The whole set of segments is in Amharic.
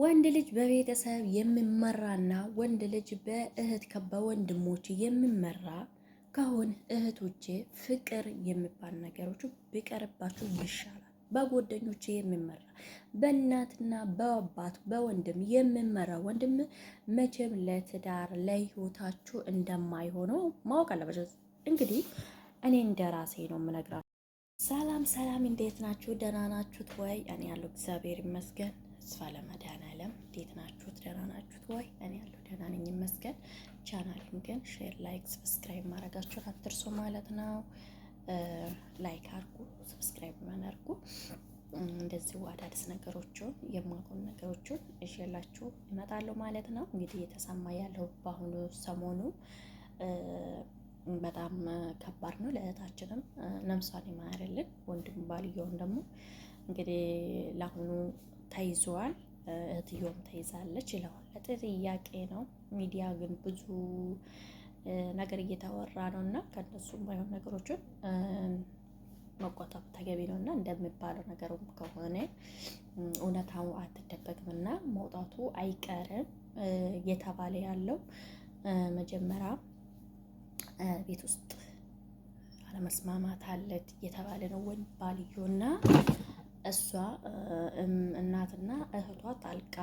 ወንድ ልጅ በቤተሰብ የሚመራና ወንድ ልጅ በእህት በወንድሞች የሚመራ ከሆን እህቶች ፍቅር የሚባል ነገሮች ቢቀርባችሁ ይሻላል። በጎደኞች የሚመራ በእናትና በአባት በወንድም የሚመራ ወንድም መቼም ለትዳር ለህይወታችሁ እንደማይሆነው ማወቅ አለበት። እንግዲህ እኔ እንደ ራሴ ነው የምነግራችሁ። ሰላም ሰላም፣ እንዴት ናችሁ? ደህና ናችሁት ወይ? እኔ ያለው እግዚአብሔር ይመስገን ተስፋ ለመዳነ ዓለም እንዴት ናችሁት? ደህና ናችሁት ወይ? እኔ ያለው ደህና ነኝ ይመስገን። ቻናሉን ግን ሼር፣ ላይክ፣ ሰብስክራይብ ማድረጋችሁን አትርሱ ማለት ነው። ላይክ አርጉ፣ ሰብስክራይብ አድርጉ። እንደዚሁ አዳዲስ ነገሮችን የማቆም ነገሮችን እሽላችሁ እመጣለሁ ማለት ነው። እንግዲህ የተሰማ ያለው በአሁኑ ሰሞኑ በጣም ከባድ ነው። ለእህታችንም ነፍሷን ይማርልን። ወንድም ባልየውን ደግሞ እንግዲህ ለአሁኑ ተይዘዋል። እህትዮም ተይዛለች ይለዋል። ለጥያቄ ነው። ሚዲያ ግን ብዙ ነገር እየተወራ ነው እና ከነሱ ባይሆን ነገሮችን መቆጠብ ተገቢ ነው እና እንደሚባለው ነገርም ከሆነ እውነታው አትደበቅም እና መውጣቱ አይቀርም እየተባለ ያለው መጀመሪያ ቤት ውስጥ አለመስማማት አለት እየተባለ ነው ወይም ባልዮና እሷ እናትና እህቷ ጣልቃ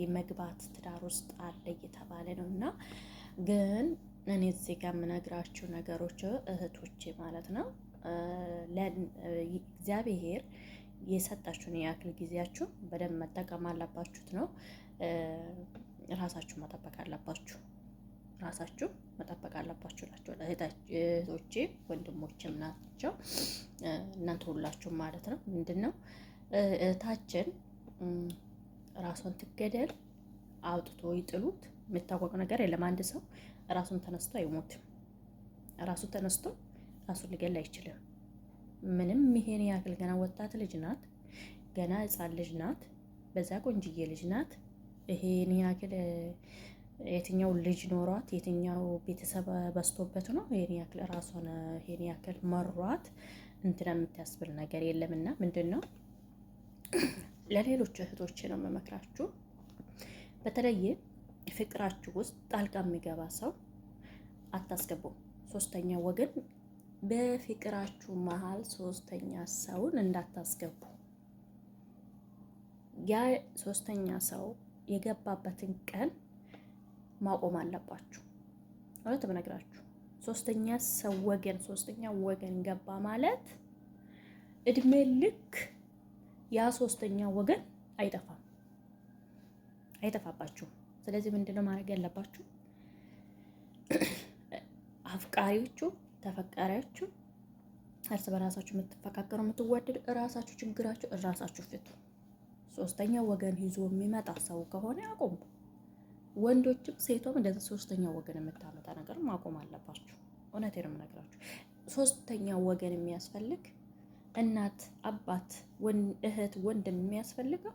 የመግባት ትዳር ውስጥ አለ እየተባለ ነው። እና ግን እኔ እዚህ ጋር የምነግራችሁ ነገሮች እህቶቼ ማለት ነው እግዚአብሔር የሰጣችሁን የአክል ጊዜያችሁ በደንብ መጠቀም አለባችሁት ነው። ራሳችሁ መጠበቅ አለባችሁ። ራሳችሁ መጠበቅ አለባችሁ ናቸው እህቶቼ ወንድሞችም ናቸው እናንተ ሁላችሁም ማለት ነው። ምንድን ነው እህታችን ራሷን ትገደል አውጥቶ ይጥሉት የሚታወቅ ነገር የለም። አንድ ሰው ራሱን ተነስቶ አይሞትም። ራሱ ተነስቶ ራሱን ሊገል አይችልም። ምንም ይሄን ያክል ገና ወጣት ልጅ ናት፣ ገና ህፃን ልጅ ናት፣ በዛ ቆንጅዬ ልጅ ናት። ይሄን ያክል የትኛው ልጅ ኖሯት የትኛው ቤተሰብ በስቶበት ነው ይሄን ያክል ራሷን ይሄን ያክል መሯት እንትን የምታስብል ነገር የለም። እና ምንድን ነው ለሌሎች እህቶች ነው የምመክራችሁ፣ በተለየ ፍቅራችሁ ውስጥ ጣልቃ የሚገባ ሰው አታስገቡ። ሶስተኛ ወገን በፍቅራችሁ መሀል ሶስተኛ ሰውን እንዳታስገቡ። ያ ሶስተኛ ሰው የገባበትን ቀን ማቆም አለባችሁ። እውነት ብነግራችሁ ሶስተኛ ሰው ወገን ሶስተኛ ወገን ገባ ማለት እድሜ ልክ ያ ሶስተኛ ወገን አይጠፋም አይጠፋባችሁም። ስለዚህ ምንድነው ማድረግ ያለባችሁ? አፍቃሪዎቹ ተፈቃሪዎቹ እርስ በራሳችሁ የምትፈካከሩ የምትዋደዱ እራሳችሁ ችግራችሁ እራሳችሁ ፍቱ። ሶስተኛ ወገን ይዞ የሚመጣ ሰው ከሆነ አቆሙ ወንዶችም ሴቷም እንደዚህ ሶስተኛ ወገን የምታመጣ ነገር ማቆም አለባችሁ። እውነቴን ነው የምነግራችሁ። ሶስተኛ ወገን የሚያስፈልግ እናት፣ አባት፣ እህት፣ ወንድም የሚያስፈልገው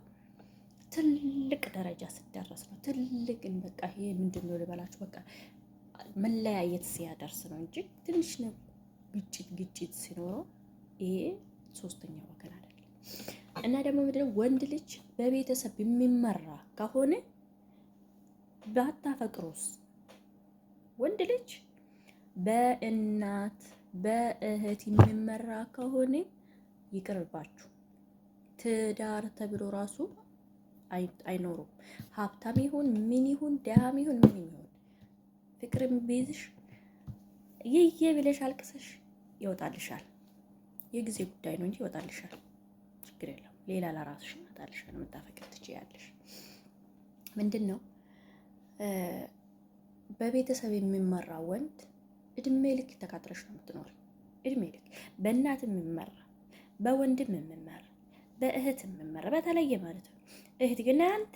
ትልቅ ደረጃ ስደረስ ነው። ትልቅ በቃ ይሄ ምንድን ነው ልበላችሁ፣ በቃ መለያየት ሲያደርስ ነው እንጂ ትንሽ ነው ግጭት ግጭት ሲኖረው ይሄ ሶስተኛ ወገን አይደለም። እና ደግሞ ምንድነው ወንድ ልጅ በቤተሰብ የሚመራ ከሆነ ባታፈቅሩስ? ወንድ ልጅ በእናት በእህት የሚመራ ከሆነ ይቅርባችሁ። ትዳር ተብሎ ራሱ አይኖሩም። ሀብታም ይሁን ምን ይሁን ደሃም ይሁን ምን ይሁን ፍቅርም ቢይዝሽ ይዬ ብለሽ አልቅሰሽ ይወጣልሻል። የጊዜ ጉዳይ ነው እንጂ ይወጣልሻል። ችግር የለም። ሌላ ለራስሽ ይመጣልሻል። የምታፈቅር ትችያለሽ። ምንድን ነው በቤተሰብ የሚመራ ወንድ እድሜ ልክ ተካትረሽ ነው የምትኖር። እድሜ ልክ በእናት የሚመራ በወንድም የሚመራ በእህት የሚመራ በተለየ ማለት ነው። እህት ግን አንተ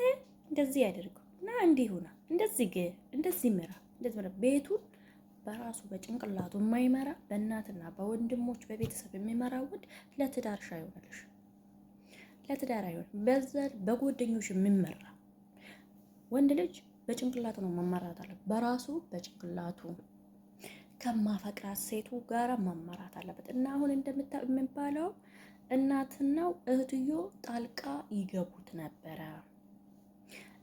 እንደዚህ ያደርገው እና እንዲህ ሁና እንደዚህ ግ እንደዚህ ምራ እንደዚህ ምራ ቤቱን በራሱ በጭንቅላቱ የማይመራ በእናትና በወንድሞች በቤተሰብ የሚመራ ወንድ ለትዳርሽ አይሆንልሽ፣ ለትዳር አይሆን በዘር በጓደኞች የሚመራ ወንድ ልጅ በጭንቅላቱ ነው መመራት አለበት። በራሱ በጭንቅላቱ ከማፈቅራት ሴቱ ጋር መመራት አለበት እና አሁን የሚባለው እናትናው እህትዮ ጣልቃ ይገቡት ነበረ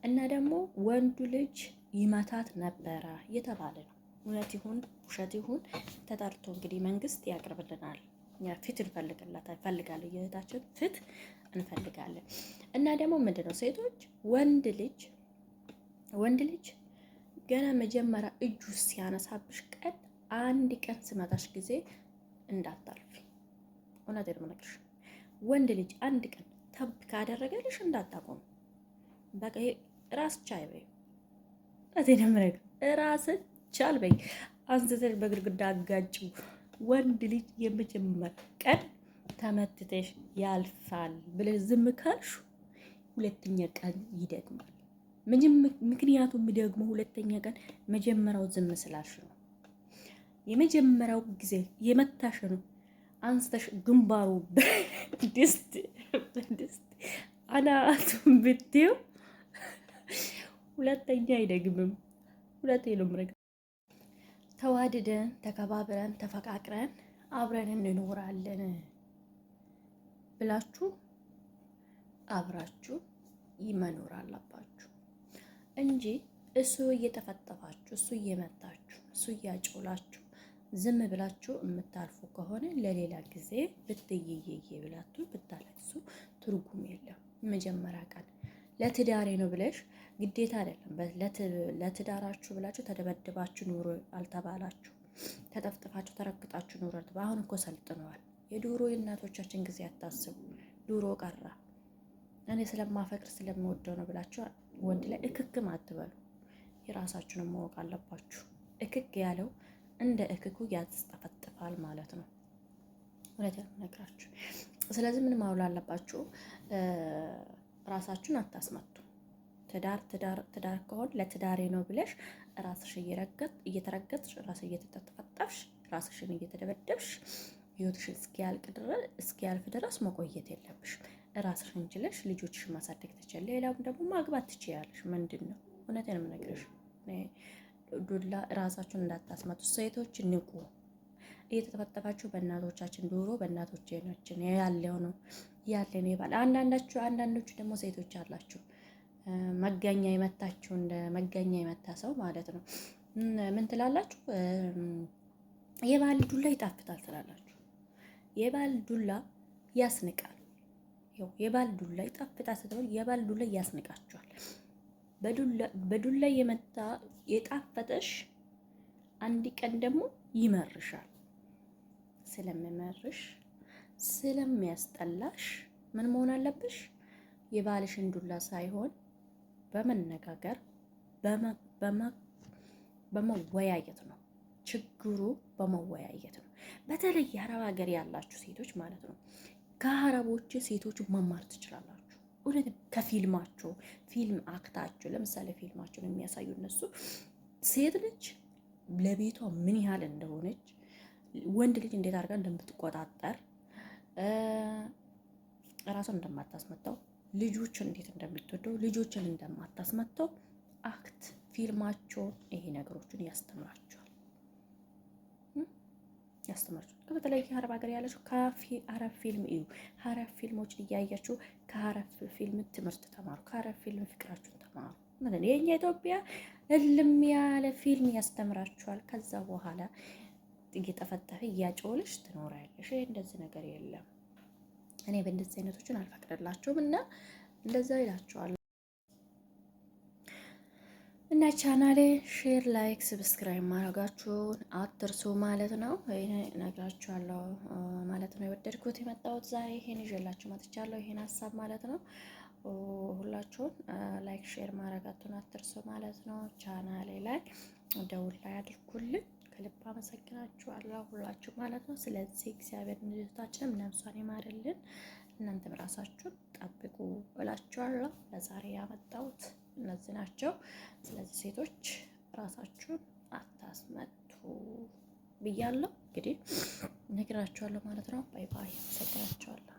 እና ደግሞ ወንዱ ልጅ ይመታት ነበረ የተባለ ነው። እውነት ይሁን ውሸት ይሁን ተጠርቶ እንግዲህ መንግስት ያቅርብልናል። ፊት እንፈልግላታል ፈልጋለን፣ የእህታችን ፊት እንፈልጋለን። እና ደግሞ ምንድነው ነው ሴቶች ወንድ ልጅ ወንድ ልጅ ገና መጀመሪያ እጁ ሲያነሳብሽ ቀን አንድ ቀን ስመታሽ ጊዜ እንዳታልፊ። እውነት የምነግርሽ ወንድ ልጅ አንድ ቀን ተብ ካደረገልሽ እንዳታቆም። በቃ ራስ ቻይ በይ። እውነቴን የምነግርሽ ራስ ቻል በይ። አንስተሽ በግድግዳ አጋጭው። ወንድ ልጅ የመጀመር ቀን ተመትተሽ ያልፋል ብለሽ ዝም ካልሽ ሁለተኛ ቀን ይደግማል። ምክንያቱም ደግሞ ሁለተኛ ቀን መጀመሪያው ዝም ስላልሽ ነው። የመጀመሪያው ጊዜ የመታሽ ነው አንስተሽ ግንባሩ በድስት በድስት አናቱን ብትዩ ሁለተኛ አይደግምም። ሁለቴ ነው ምረግ። ተዋድደን ተከባብረን ተፈቃቅረን አብረን እንኖራለን ብላችሁ አብራችሁ መኖር አለባችሁ። እንጂ እሱ እየተፈጠፋችሁ እሱ እየመታችሁ እሱ እያጮላችሁ ዝም ብላችሁ የምታልፉ ከሆነ ለሌላ ጊዜ ብትይይይ ብላችሁ ብታለቅሱ ትርጉም የለም። መጀመሪያ ቀን ለትዳሬ ነው ብለሽ ግዴታ አይደለም። ለትዳራችሁ ብላችሁ ተደበድባችሁ ኑሮ አልተባላችሁ፣ ተጠፍጥፋችሁ ተረግጣችሁ ኑሮ አሁን እኮ ሰልጥነዋል። የድሮ የእናቶቻችን ጊዜ አታስቡ። ድሮ ቀራ። እኔ ስለማፈቅር ስለምወደው ነው ብላችሁ ወንድ ላይ እክክም አትበሉ። የራሳችሁንም ማወቅ አለባችሁ። እክክ ያለው እንደ እክኩ ያስጠፈጥፋል ማለት ነው። እውነት ነግራችሁ። ስለዚህ ምን ማውላ አለባችሁ? ራሳችሁን አታስመቱ። ትዳር ትዳር ትዳር ከሆን ለትዳሬ ነው ብለሽ ራስሽ እየረገጥ እየተረገጥሽ ራስ እየተጠፈጠፍሽ ራስሽን እየተደበደብሽ ህይወትሽ እስኪያልቅ ድረስ እስኪያልፍ ድረስ መቆየት የለብሽ። ራስሽን ችለሽ ልጆችሽ ማሳደግ ትችያለሽ። ሌላም ደግሞ ማግባት ትችያለሽ። ምንድን ነው እውነቴን የምነግርሽ ዱላ ራሳችሁን እንዳታስመጡ ሴቶች ንቁ። እየተጠፈጠፋችሁ በእናቶቻችን ዱሮ በእናቶች ናችን ያለው ነው ያለን ይባል። አንዳንዳችሁ አንዳንዶቹ ደግሞ ሴቶች አላችሁ መገኛ የመታችሁ እንደ መገኛ የመታ ሰው ማለት ነው። ምን ትላላችሁ? የባል ዱላ ይጣፍጣል ትላላችሁ። የባል ዱላ ያስንቃል። ያው የባል ዱላ ይጣፍጣ ስትባል የባል ዱላ ያስንቃችኋል። በዱላ የመታ የጣፈጠሽ አንድ ቀን ደግሞ ይመርሻል። ስለሚመርሽ ስለሚያስጠላሽ ምን መሆን አለብሽ? የባልሽን ዱላ ሳይሆን በመነጋገር በመወያየት ነው። ችግሩ በመወያየት ነው። በተለይ የአረብ ሀገር ያላችሁ ሴቶች ማለት ነው። ከአረቦች ሴቶች መማር ትችላላችሁ። እውነት ከፊልማቸው ፊልም አክታቸው፣ ለምሳሌ ፊልማቸውን የሚያሳዩ እነሱ ሴት ልጅ ለቤቷ ምን ያህል እንደሆነች፣ ወንድ ልጅ እንዴት አድርጋ እንደምትቆጣጠር፣ ራሷን እንደማታስመጣው ልጆችን እንዴት እንደምትወደው፣ ልጆችን እንደማታስመጣው አክት ፊልማቸውን ይሄ ነገሮችን ያስተምራል። ያስተምራችሁ። በተለይ ሀረብ ሀገር ያለችው ከሀረብ ፊልም እዩ። ሀረብ ፊልሞችን እያያችሁ ከአረብ ፊልም ትምህርት ተማሩ። ከአረብ ፊልም ፍቅራችሁን ተማሩ። ምንም የኛ ኢትዮጵያ እልም ያለ ፊልም ያስተምራችኋል። ከዛ በኋላ እየጠፈጠፈ እያጮልሽ ትኖራለሽ። ይሄ እንደዚህ ነገር የለም። እኔ በእንደዚህ አይነቶችን አልፈቅድላችሁም እና እንደዛ ይላችኋል። እና ቻናሌ ሼር፣ ላይክ፣ ሰብስክራይብ ማድረጋችሁን አትርሱ ማለት ነው። ነግራችኋለሁ ማለት ነው። የወደድኩት የመጣሁት ዛሬ ይሄን ይዤላችሁ መጥቻለሁ፣ ይሄን ሀሳብ ማለት ነው። ሁላችሁን ላይክ፣ ሼር ማድረጋችሁን አትርሱ ማለት ነው። ቻናሌ ላይ ደውል ላይ አድርጉልን። ከልብ አመሰግናችኋለሁ ሁላችሁ ማለት ነው። ስለዚህ እግዚአብሔር ንድታችንም ነፍሷን ይማርልን። እናንተም ራሳችሁን ጠብቁ እላችኋለሁ። ለዛሬ ያመጣሁት እነዚህ ናቸው። ስለዚህ ሴቶች ራሳችሁን አታስመቱ ብያለሁ። እንግዲህ ነግራችኋለሁ ማለት ነው። ባይ ባይ። አመሰግናችኋለሁ።